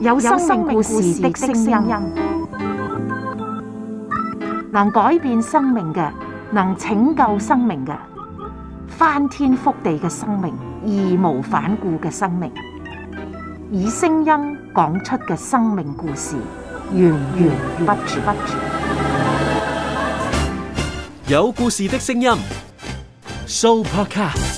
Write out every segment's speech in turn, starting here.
有生命故事的聲音，能改變生命嘅，能拯救生命嘅，翻天覆地嘅生命，義無反顧嘅生命，以聲音講出嘅生命故事，源源不絕。有故事的聲音，Soupercast。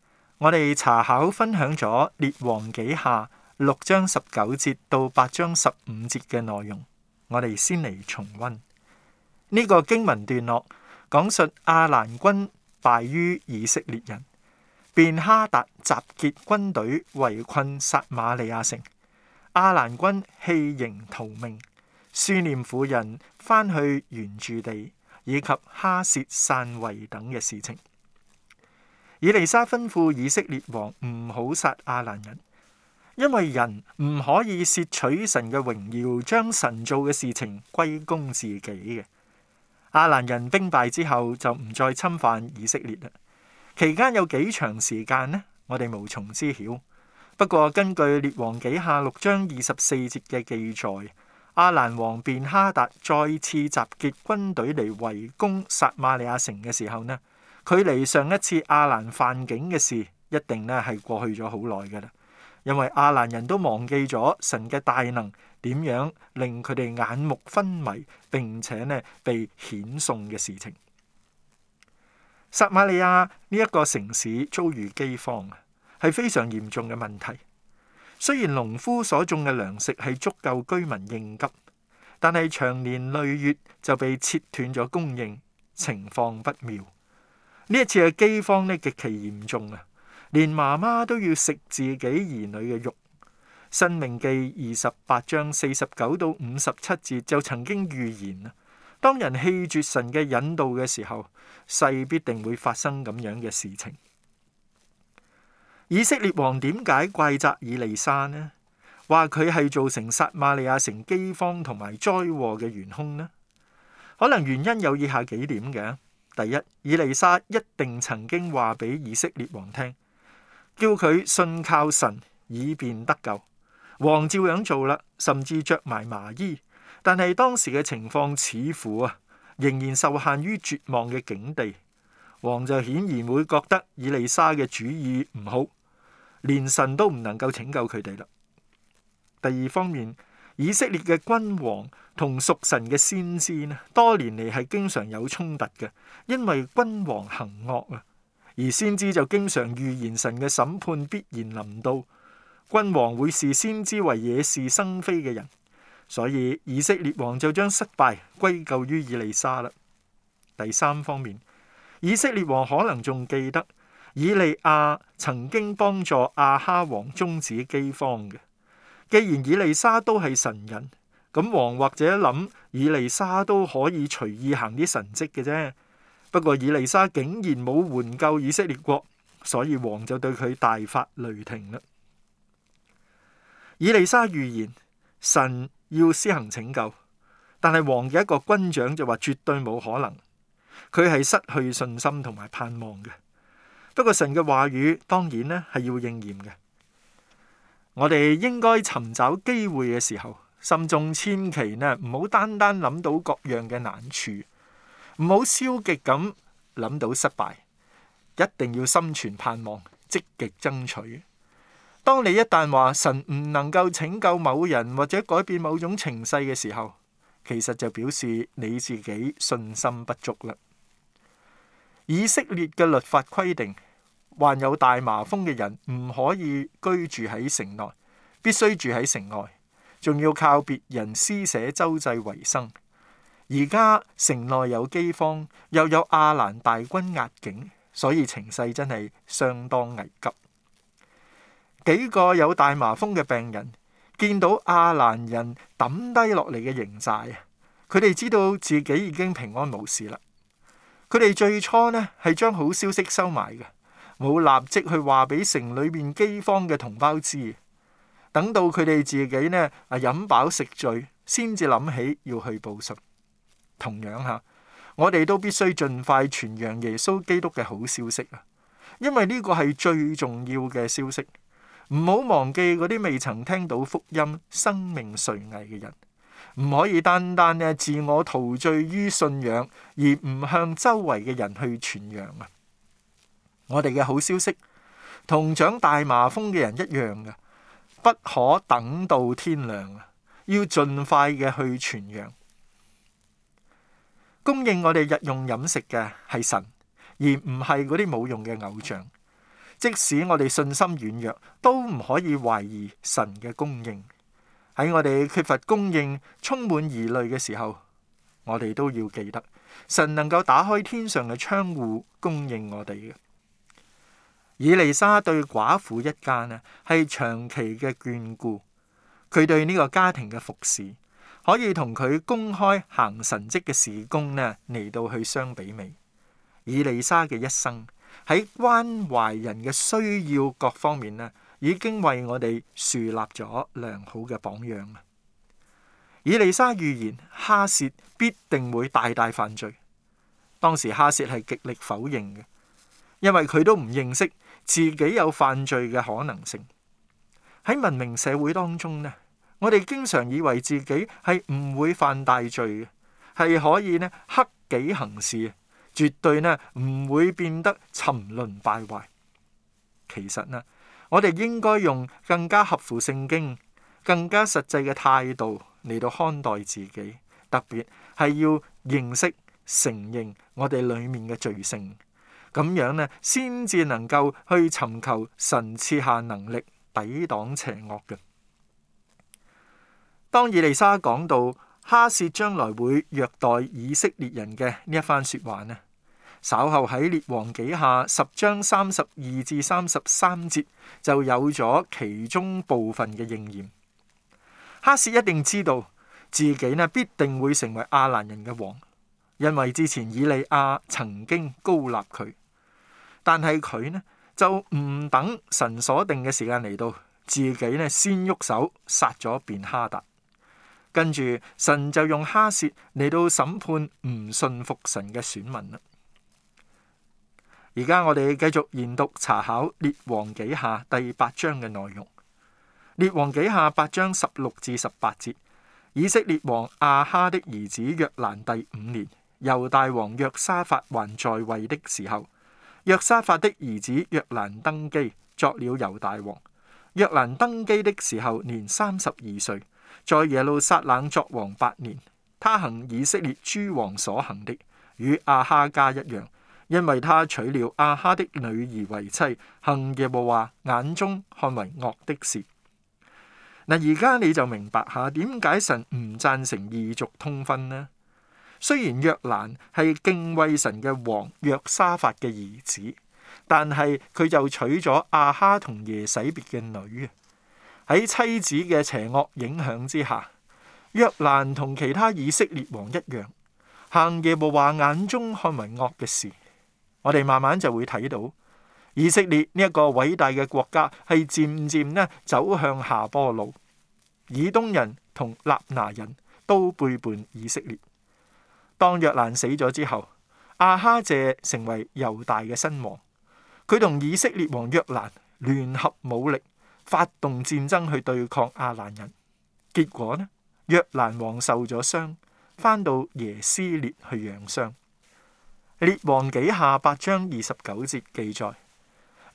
我哋查考分享咗列王紀下六章十九節到八章十五節嘅內容，我哋先嚟重溫呢、這個經文段落，講述亞蘭軍敗於以色列人，便哈達集結軍隊圍困撒馬利亞城，亞蘭軍棄營逃命，書念婦人，返去原住地以及哈薛篡位等嘅事情。以利沙吩咐以色列王唔好殺阿蘭人，因為人唔可以竊取神嘅榮耀，將神做嘅事情歸功自己嘅。阿蘭人兵敗之後就唔再侵犯以色列啦。期間有幾長時間呢？我哋無從知曉。不過根據《列王紀下》六章二十四節嘅記載，阿蘭王便哈達再次集結軍隊嚟圍攻撒馬利亞城嘅時候呢，距離上一次阿蘭犯境嘅事，一定呢係過去咗好耐嘅啦。因為阿蘭人都忘記咗神嘅大能點樣令佢哋眼目昏迷並且呢被遣送嘅事情。撒瑪利亞呢一個城市遭遇饑荒，係非常嚴重嘅問題。雖然農夫所種嘅糧食係足夠居民應急，但係長年累月就被切斷咗供應，情況不妙。呢一次嘅饑荒呢極其嚴重啊，連媽媽都要食自己兒女嘅肉。申命記二十八章四十九到五十七節就曾經預言啦，當人棄絕神嘅引導嘅時候，世必定會發生咁樣嘅事情。以色列王點解怪責以利沙呢？話佢係造成撒瑪利亞城饑荒同埋災禍嘅元兇呢？可能原因有以下幾點嘅。第一，以利沙一定曾經話俾以色列王聽，叫佢信靠神以便得救。王照樣做啦，甚至着埋麻衣。但係當時嘅情況似乎啊，仍然受限於絕望嘅境地。王就顯然會覺得以利沙嘅主意唔好，連神都唔能夠拯救佢哋啦。第二方面。以色列嘅君王同屬神嘅先知呢，多年嚟係經常有衝突嘅，因為君王行惡啊，而先知就經常預言神嘅審判必然臨到，君王會視先知為惹事生非嘅人，所以以色列王就將失敗歸咎於以利沙啦。第三方面，以色列王可能仲記得以利亞曾經幫助亞哈王終止饑荒嘅。既然以利沙都係神人，咁王或者諗以利沙都可以隨意行啲神蹟嘅啫。不過以利沙竟然冇援救以色列國，所以王就對佢大發雷霆啦。以利沙預言神要施行拯救，但係王嘅一個軍長就話絕對冇可能，佢係失去信心同埋盼望嘅。不過神嘅話語當然咧，係要應驗嘅。我哋應該尋找機會嘅時候，心中千祈呢，唔好單單諗到各樣嘅難處，唔好消極咁諗到失敗，一定要心存盼望，積極爭取。當你一旦話神唔能夠拯救某人或者改變某種情勢嘅時候，其實就表示你自己信心不足啦。以色列嘅律法規定。患有大麻風嘅人唔可以居住喺城內，必須住喺城外，仲要靠別人施捨周濟維生。而家城內有饑荒，又有阿蘭大軍壓境，所以情勢真係相當危急。幾個有大麻風嘅病人見到阿蘭人抌低落嚟嘅營寨啊，佢哋知道自己已經平安冇事啦。佢哋最初呢係將好消息收埋嘅。冇立即去話俾城裏邊饑荒嘅同胞知，等到佢哋自己呢啊飲飽食醉，先至諗起要去報信。同樣嚇，我哋都必須盡快傳揚耶穌基督嘅好消息啊！因為呢個係最重要嘅消息。唔好忘記嗰啲未曾聽到福音、生命垂危嘅人，唔可以單單咧自我陶醉於信仰，而唔向周圍嘅人去傳揚啊！我哋嘅好消息同長大麻風嘅人一樣嘅，不可等到天亮啊，要盡快嘅去傳揚。供應我哋日用飲食嘅係神，而唔係嗰啲冇用嘅偶像。即使我哋信心軟弱，都唔可以懷疑神嘅供應。喺我哋缺乏供應、充滿疑慮嘅時候，我哋都要記得，神能夠打開天上嘅窗戶，供應我哋嘅。以利沙對寡婦一家咧，係長期嘅眷顧，佢對呢個家庭嘅服侍，可以同佢公開行神跡嘅事工咧嚟到去相比美。以利沙嘅一生喺關懷人嘅需要各方面咧，已經爲我哋樹立咗良好嘅榜樣。以利沙預言哈薛必定會大大犯罪，當時哈薛係極力否認嘅，因為佢都唔認識自己有犯罪嘅可能性，喺文明社會當中呢，我哋經常以為自己係唔會犯大罪嘅，係可以呢克己行事，絕對呢唔會變得沉淪敗壞。其實呢，我哋應該用更加合乎聖經、更加實際嘅態度嚟到看待自己，特別係要認識、承認我哋裏面嘅罪性。咁樣呢，先至能夠去尋求神賜下能力抵擋邪惡嘅。當以利沙講到哈薛將來會虐待以色列人嘅呢一番説話呢，稍後喺列王紀下十章三十二至三十三節就有咗其中部分嘅應驗。哈薛一定知道自己呢必定會成為亞蘭人嘅王，因為之前以利亞曾經膏立佢。但係佢呢就唔等神所定嘅時間嚟到，自己呢先喐手殺咗便哈達，跟住神就用哈薛嚟到審判唔信服神嘅選民啦。而家我哋繼續研讀查考列王紀下第八章嘅內容。列王紀下八章十六至十八節，以色列王亞哈的兒子約蘭第五年，猶大王約沙法還在位的時候。約沙法的兒子約蘭登基，作了猶大王。約蘭登基的時候年三十二歲，在耶路撒冷作王八年。他行以色列諸王所行的，與亞哈家一樣，因為他娶了亞哈的女兒為妻，行耶和華眼中看為惡的事。嗱，而家你就明白下點解神唔贊成異族通婚呢？雖然約蘭係敬畏神嘅王，約沙法嘅兒子，但係佢就娶咗亞哈同耶洗別嘅女啊。喺妻子嘅邪惡影響之下，約蘭同其他以色列王一樣，行耶和華眼中看為惡嘅事。我哋慢慢就會睇到以色列呢一個偉大嘅國家係漸漸咧走向下坡路。以東人同納拿人都背叛以色列。當約蘭死咗之後，亞哈謝成為猶大嘅新王。佢同以色列王約蘭聯合武力，發動戰爭去對抗亞蘭人。結果呢，約蘭王受咗傷，返到耶斯列去養傷。列王紀下八章二十九節記載，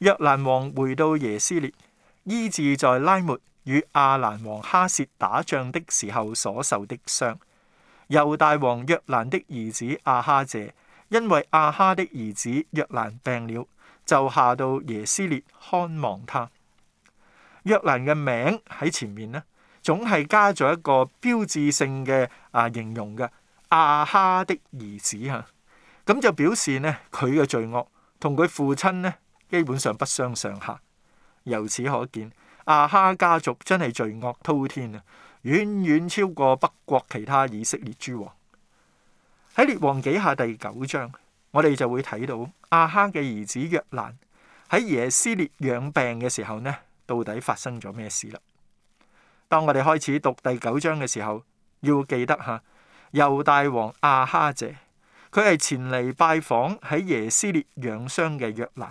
約蘭王回到耶斯列，醫治在拉末與亞蘭王哈薛打仗的時候所受的傷。猶大王約蘭的兒子亞哈謝，因為亞哈的兒子約蘭病了，就下到耶斯列看望他。約蘭嘅名喺前面呢，總係加咗一個標誌性嘅啊形容嘅亞哈的兒子吓，咁、啊、就表示呢，佢嘅罪惡同佢父親呢，基本上不相上下。由此可見，亞哈家族真係罪惡滔天啊！遠遠超過北國其他以色列諸王。喺列王紀下第九章，我哋就會睇到亞哈嘅兒子約蘭喺耶斯列養病嘅時候呢，到底發生咗咩事啦？當我哋開始讀第九章嘅時候，要記得哈，猶大王亞哈謝，佢係前嚟拜訪喺耶斯列養傷嘅約蘭，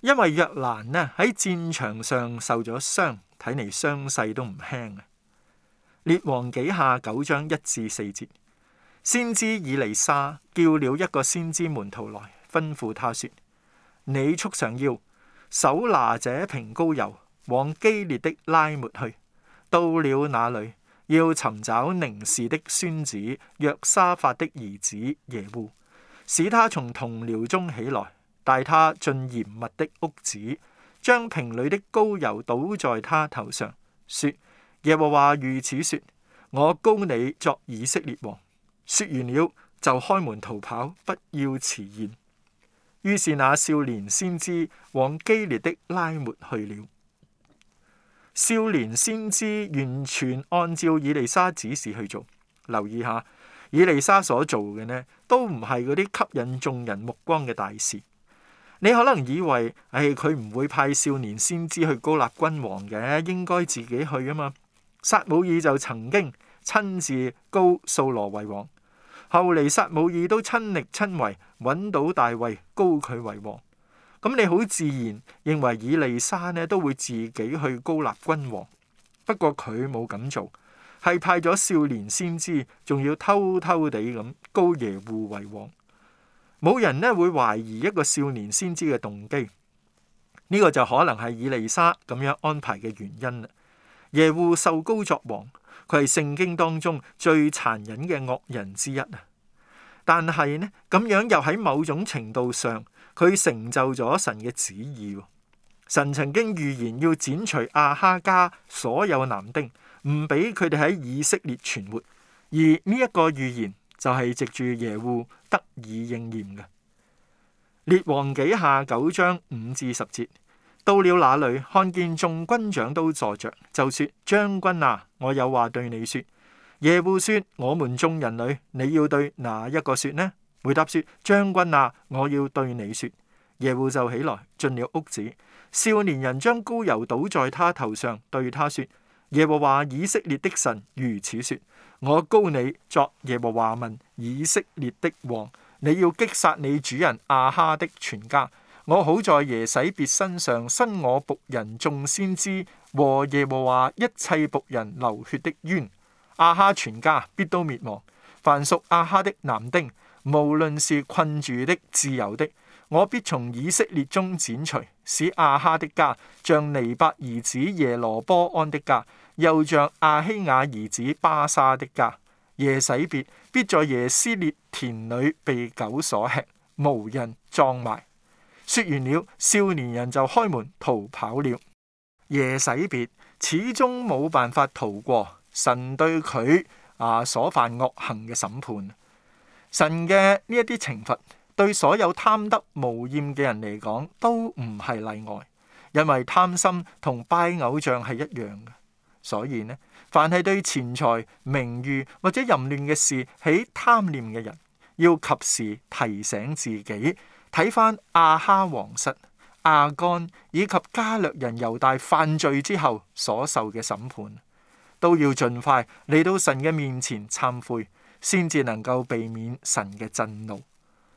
因為約蘭呢喺戰場上受咗傷，睇嚟傷勢都唔輕啊！列王記下九章一至四節，先知以利沙叫了一個先知門徒來，吩咐他說：你束上腰，手拿這瓶膏油，往基列的拉末去。到了那裏，要尋找寧示的孫子約沙法的兒子耶戶，使他從同僚中起來，帶他進嚴密的屋子，將瓶裏的膏油倒在他頭上，說。耶和華如此說：我膏你作以色列王。說完了就開門逃跑，不要遲延。於是那少年先知往基列的拉末去了。少年先知完全按照以利沙指示去做。留意下，以利沙所做嘅呢，都唔係嗰啲吸引眾人目光嘅大事。你可能以為，誒、哎，佢唔會派少年先知去膏立君王嘅，應該自己去啊嘛。撒母耳就曾經親自高素羅為王，後嚟撒母耳都親力親為揾到大衛高佢為王。咁你好自然認為以利沙呢都會自己去高立君王，不過佢冇咁做，係派咗少年先知，仲要偷偷地咁高耶戶為王。冇人呢會懷疑一個少年先知嘅動機，呢個就可能係以利沙咁樣安排嘅原因啦。耶戶受膏作王，佢係聖經當中最殘忍嘅惡人之一啊！但係呢，咁樣又喺某種程度上，佢成就咗神嘅旨意。神曾經預言要剪除亞哈家所有男丁，唔俾佢哋喺以色列存活，而呢一個預言就係藉住耶戶得以應驗嘅。列王紀下九章五至十節。到了那裏，看見眾軍長都坐着，就說：將軍啊，我有話對你說。耶戶說：我們眾人裏，你要對哪一個說呢？回答說：將軍啊，我要對你說。耶戶就起來進了屋子，少年人將膏油倒在他頭上，對他說：耶和華以色列的神如此說：我膏你作耶和華民以色列的王，你要擊殺你主人亞哈的全家。我好在耶洗別身上，伸我僕人眾先知和耶和華、啊、一切僕人流血的冤，亞哈全家必都滅亡。凡屬亞哈的男丁，無論是困住的、自由的，我必從以色列中剪除，使亞哈的家像尼伯兒子耶羅波安的家，又像亞希亞兒子巴沙的家。耶洗別必在耶斯列田裏被狗所吃，無人葬埋。說完了，少年人就開門逃跑了。耶洗別，始終冇辦法逃過神對佢啊所犯惡行嘅審判。神嘅呢一啲懲罰，對所有貪得無厭嘅人嚟講，都唔係例外。因為貪心同拜偶像係一樣嘅，所以呢，凡係對錢財、名譽或者淫亂嘅事起貪念嘅人，要及時提醒自己。睇翻亞哈王室、亞干以及加略人猶大犯罪之後所受嘅審判，都要盡快嚟到神嘅面前懺悔，先至能夠避免神嘅震怒。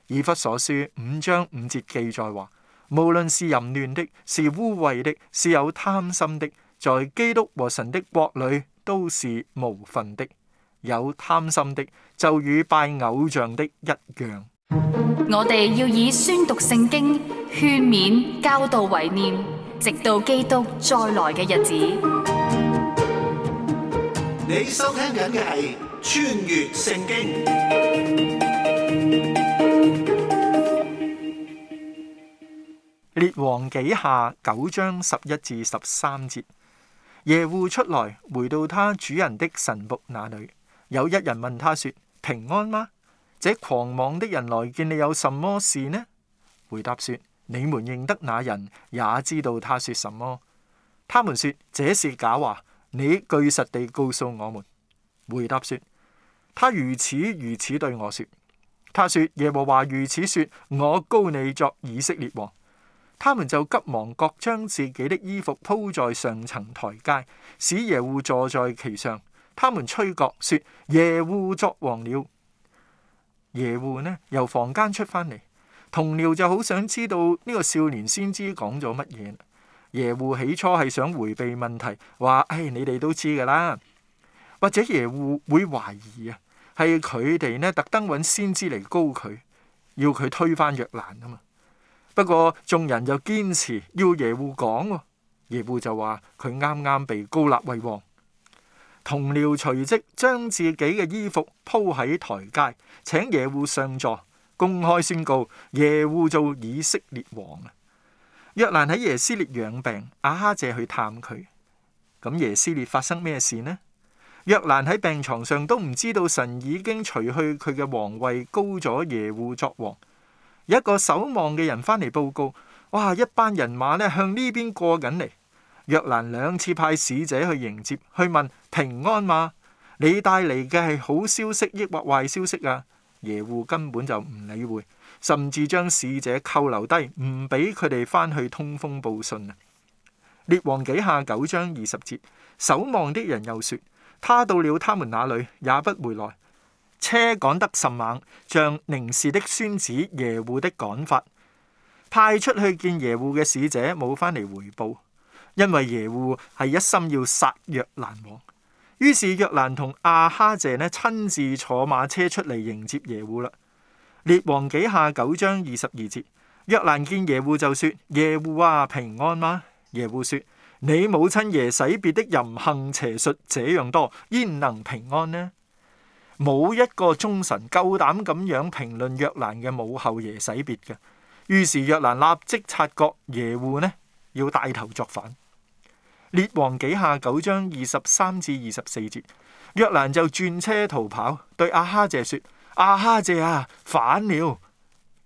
以弗所書五章五節記載話：「無論是淫亂的，是污穢的，是有貪心的，在基督和神的國裏都是無份的。有貪心的就與拜偶像的一樣。我哋要以宣讀聖經、勸勉、教導為念，直到基督再來嘅日子。你收聽緊嘅係《穿越聖經》。列王紀下九章十一至十三節。耶戶出來，回到他主人的神僕那裏，有一人問他說：平安嗎？這狂妄的人來見你有什麼事呢？回答說：你們認得那人，也知道他說什麼。他們說：這是假話。你據實地告訴我們。回答說：他如此如此對我說。他說：耶和華如此說，我膏你作以色列王。他們就急忙各將自己的衣服鋪在上層台階，使耶戶坐在其上。他們吹角說：耶戶作王了。耶戶呢由房間出翻嚟，同僚就好想知道呢個少年先知講咗乜嘢。耶戶起初係想回避問題，話：誒、哎，你哋都知噶啦。或者耶戶會懷疑啊，係佢哋呢特登揾先知嚟告佢，要佢推翻約蘭啊嘛。不過眾人就堅持要耶戶講喎，耶戶就話佢啱啱被膏立為王。同僚隨即將自己嘅衣服鋪喺台階，請耶戶上座，公開宣告耶戶做以色列王啊！約蘭喺耶斯列養病，阿哈謝去探佢。咁耶斯列發生咩事呢？約蘭喺病床上都唔知道神已經除去佢嘅皇位，高咗耶戶作王。一個守望嘅人翻嚟報告：哇！一班人馬咧向呢邊過緊嚟。若蘭兩次派使者去迎接，去問平安嘛？你帶嚟嘅係好消息，抑或壞消息啊？耶戶根本就唔理會，甚至將使者扣留低，唔俾佢哋翻去通風報信啊！列王紀下九章二十節，守望的人又說：他到了他們那裡也不回來，車趕得甚猛，像寧示的孫子耶戶的趕法。派出去見耶戶嘅使者冇翻嚟回報。因為耶戶係一心要殺約蘭王，於是約蘭同亞哈謝，呢親自坐馬車出嚟，迎接耶戶啦。列王紀下九章二十二節，約蘭見耶戶就說：耶戶啊，平安嗎？耶戶說：你母親耶洗別的淫行邪術這樣多，焉能平安呢？冇一個忠臣夠膽咁樣評論約蘭嘅母后耶洗別嘅。於是約蘭立即察覺耶戶呢要帶頭作反。列王紀下九章二十三至二十四節，約蘭就轉車逃跑，對阿哈謝說：阿哈謝啊，反了！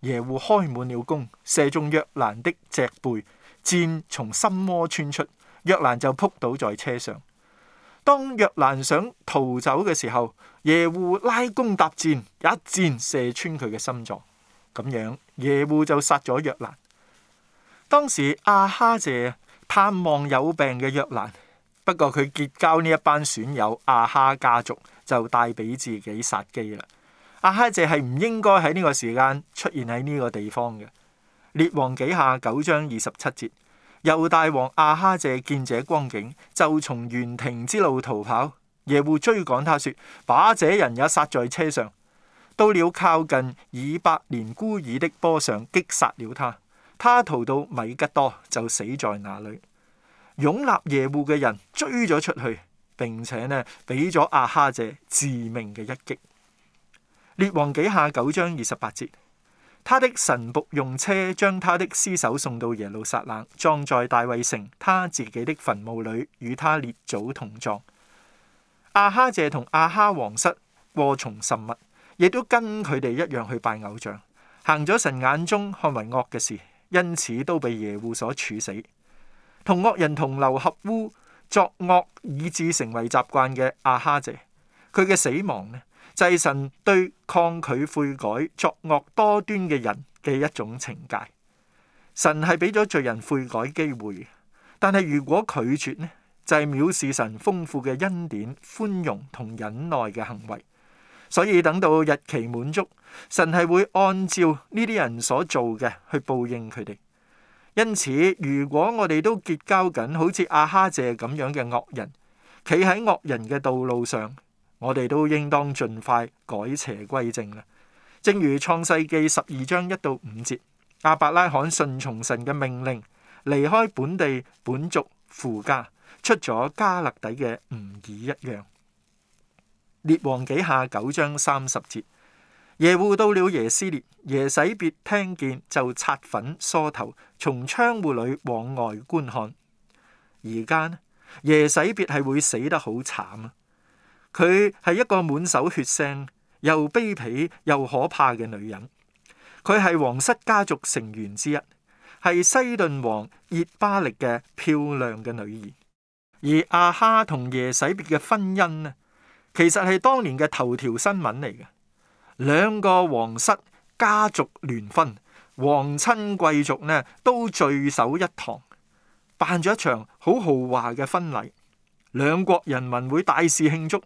耶戶開滿了弓，射中約蘭的脊背，箭從心窩穿出，約蘭就撲倒在車上。當約蘭想逃走嘅時候，耶戶拉弓搭箭，一箭射穿佢嘅心臟。咁樣耶戶就殺咗約蘭。當時阿哈謝探望有病嘅約蘭，不過佢結交呢一班損友阿哈家族，就帶俾自己殺機啦。阿哈謝係唔應該喺呢個時間出現喺呢個地方嘅。列王紀下九章二十七節，猶大王阿哈謝見這光景，就從園亭之路逃跑。耶戶追趕他，說：把這人也殺在車上。到了靠近以伯蓮姑珥的坡上，擊殺了他。他逃到米吉多就死在那裏，擁立耶戶嘅人追咗出去，並且呢俾咗亞哈謝致命嘅一擊。列王紀下九章二十八節，他的神僕用車將他的屍首送到耶路撒冷，葬在大衛城他自己的墳墓裏，與他列祖同葬。亞哈謝同亞哈王室過從甚密，亦都跟佢哋一樣去拜偶像，行咗神眼中看為惡嘅事。因此都被耶戶所處死，同惡人同流合污作惡，以致成為習慣嘅阿哈謝，佢嘅死亡呢，就係神對抗拒悔改作惡多端嘅人嘅一種懲戒。神係俾咗罪人悔改機會，但係如果拒絕呢，就係藐視神豐富嘅恩典、寬容同忍耐嘅行為。所以等到日期滿足，神係會按照呢啲人所做嘅去報應佢哋。因此，如果我哋都結交緊好似阿哈謝咁樣嘅惡人，企喺惡人嘅道路上，我哋都應當盡快改邪歸正啦。正如創世記十二章一到五節，阿伯拉罕順從神嘅命令，離開本地本族父家出咗加勒底嘅吾珥一樣。列王紀下九章三十節，耶戶到了耶斯列，耶洗別聽見就擦粉梳頭，從窗戶裏往外觀看。而家呢，耶洗別係會死得好慘啊！佢係一個滿手血腥、又卑鄙又可怕嘅女人。佢係皇室家族成員之一，係西頓王葉巴力嘅漂亮嘅女兒。而阿哈同耶洗別嘅婚姻呢？其實係當年嘅頭條新聞嚟嘅，兩個皇室家族聯婚，皇親貴族呢都聚首一堂，辦咗一場好豪華嘅婚禮，兩國人民會大肆慶祝，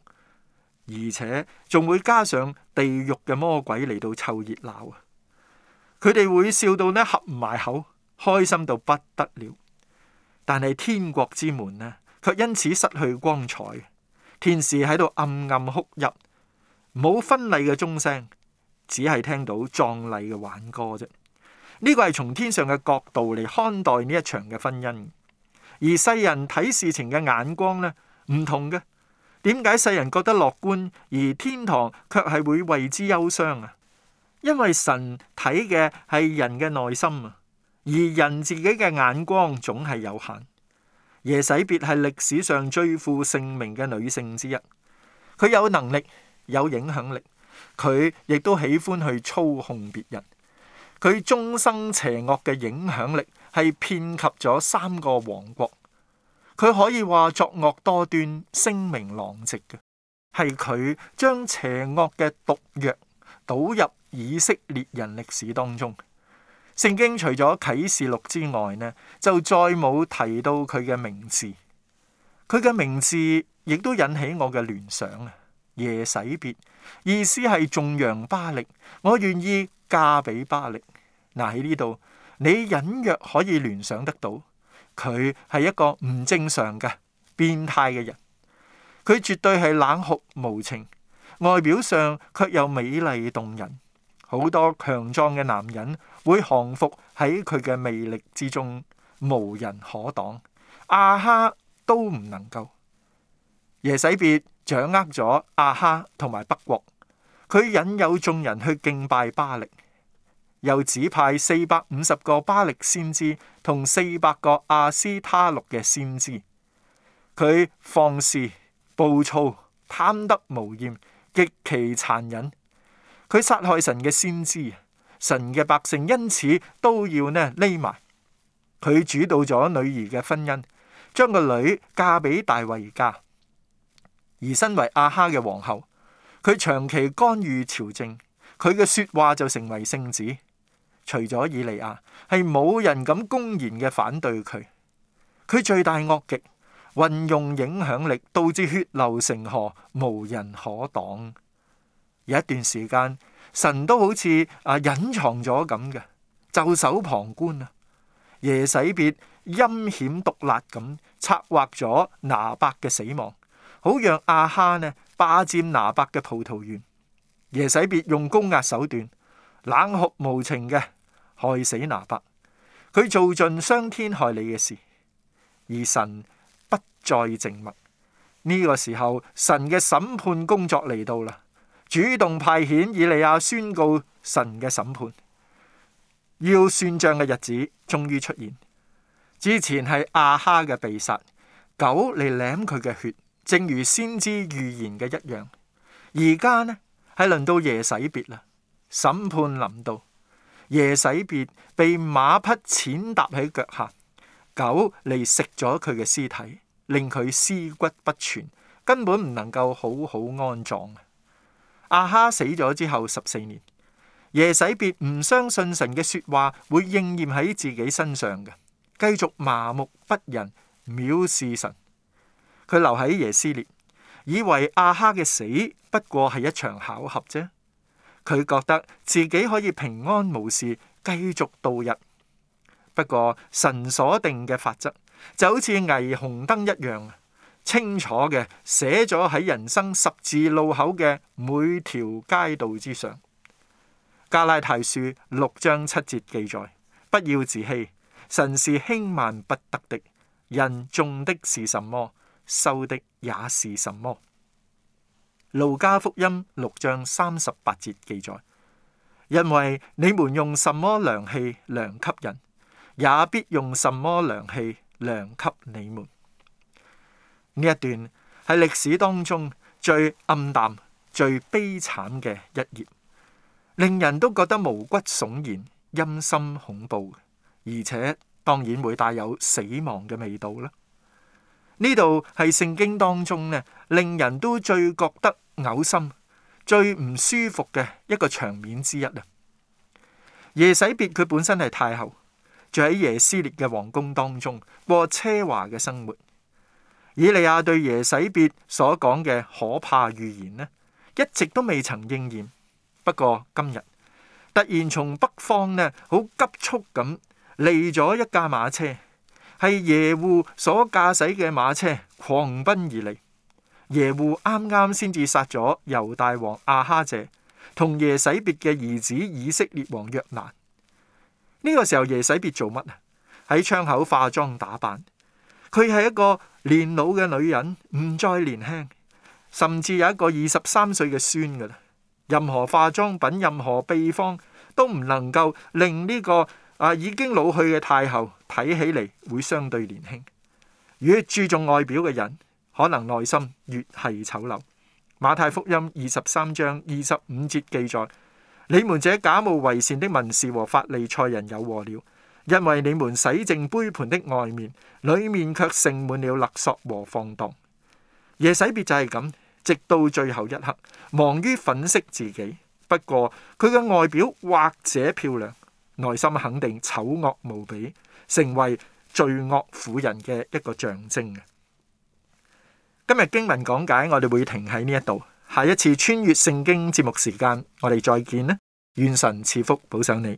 而且仲會加上地獄嘅魔鬼嚟到湊熱鬧啊！佢哋會笑到呢合唔埋口，開心到不得了，但係天國之門呢，卻因此失去光彩。天使喺度暗暗哭泣，冇婚禮嘅鐘聲，只係聽到葬禮嘅輓歌啫。呢個係從天上嘅角度嚟看待呢一場嘅婚姻，而世人睇事情嘅眼光呢，唔同嘅。點解世人覺得樂觀，而天堂卻係會為之憂傷啊？因為神睇嘅係人嘅內心啊，而人自己嘅眼光總係有限。耶洗別係歷史上最負盛名嘅女性之一，佢有能力、有影響力，佢亦都喜歡去操控別人。佢終生邪惡嘅影響力係遍及咗三個王國，佢可以話作惡多端、聲名狼藉嘅，係佢將邪惡嘅毒藥倒入以色列人歷史當中。聖經除咗啟示錄之外呢，就再冇提到佢嘅名字。佢嘅名字亦都引起我嘅聯想啊。耶洗別，意思係縱揚巴力，我願意嫁俾巴力。嗱，喺呢度，你隱約可以聯想得到，佢係一個唔正常嘅變態嘅人。佢絕對係冷酷無情，外表上卻又美麗動人。好多強壯嘅男人會降服喺佢嘅魅力之中，無人可擋。阿哈都唔能夠。耶洗別掌握咗阿哈同埋北國，佢引誘眾人去敬拜巴力，又指派四百五十個巴力先知同四百個亞斯他錄嘅先知。佢放肆、暴躁、貪得無厭，極其殘忍。佢殺害神嘅先知，神嘅百姓因此都要呢匿埋。佢主導咗女兒嘅婚姻，將個女嫁俾大衛家，而身為阿哈嘅皇后，佢長期干預朝政，佢嘅說話就成為聖旨。除咗以利亞，係冇人敢公然嘅反對佢。佢最大惡極，運用影響力導致血流成河，無人可擋。有一段時間，神都好似啊隱藏咗咁嘅，袖手旁觀啊。耶洗別陰險毒辣咁策劃咗拿伯嘅死亡，好讓亞哈呢霸占拿伯嘅葡萄園。耶洗別用高壓手段，冷酷無情嘅害死拿伯，佢做盡傷天害理嘅事，而神不再靜默呢、這個時候，神嘅審判工作嚟到啦。主動派遣以利亞宣告神嘅審判，要算賬嘅日子終於出現。之前係亞哈嘅被殺，狗嚟舐佢嘅血，正如先知預言嘅一樣。而家呢係輪到耶洗別啦，審判臨到，耶洗別被馬匹踐踏喺腳下，狗嚟食咗佢嘅屍體，令佢屍骨不全，根本唔能夠好好安葬。阿哈死咗之後十四年，耶洗別唔相信神嘅説話會應驗喺自己身上嘅，繼續麻木不仁、藐視神。佢留喺耶斯列，以為阿哈嘅死不過係一場巧合啫。佢覺得自己可以平安無事繼續度日。不過神所定嘅法則就好似霓虹燈一樣。清楚嘅寫咗喺人生十字路口嘅每條街道之上。加拉太書六章七節記載：不要自欺，神是輕慢不得的。人種的是什麼，收的也是什麼。路加福音六章三十八節記載：因為你們用什麼量器量給人；也必用什麼量器量給你們。呢一段係歷史當中最暗淡、最悲慘嘅一頁，令人都覺得毛骨悚然、陰森恐怖，而且當然會帶有死亡嘅味道啦。呢度係聖經當中咧，令人都最覺得嘔心、最唔舒服嘅一個場面之一啊！耶洗別佢本身係太后，住喺耶斯列嘅皇宮當中，過奢華嘅生活。以利亞對耶洗別所講嘅可怕預言呢，一直都未曾應驗。不過今日突然從北方呢，好急速咁嚟咗一架馬車，係耶戶所駕駛嘅馬車，狂奔而嚟。耶戶啱啱先至殺咗猶大王亞哈謝同耶洗別嘅兒子以色列王約蘭。呢個時候耶洗別做乜啊？喺窗口化妝打扮。佢係一個年老嘅女人，唔再年輕，甚至有一個二十三歲嘅孫噶啦。任何化妝品、任何秘方都唔能夠令呢、這個啊已經老去嘅太后睇起嚟會相對年輕。越注重外表嘅人，可能內心越係醜陋。馬太福音二十三章二十五節記載：你們這假冒為善的文士和法利賽人有禍了。因為你們洗淨杯盤的外面，裏面卻盛滿了勒索和放蕩。耶洗別就係咁，直到最後一刻，忙於粉飾自己。不過佢嘅外表或者漂亮，內心肯定醜惡無比，成為罪惡婦人嘅一個象徵。今日經文講解，我哋會停喺呢一度。下一次穿越聖經節目時間，我哋再見啦。願神賜福保守你。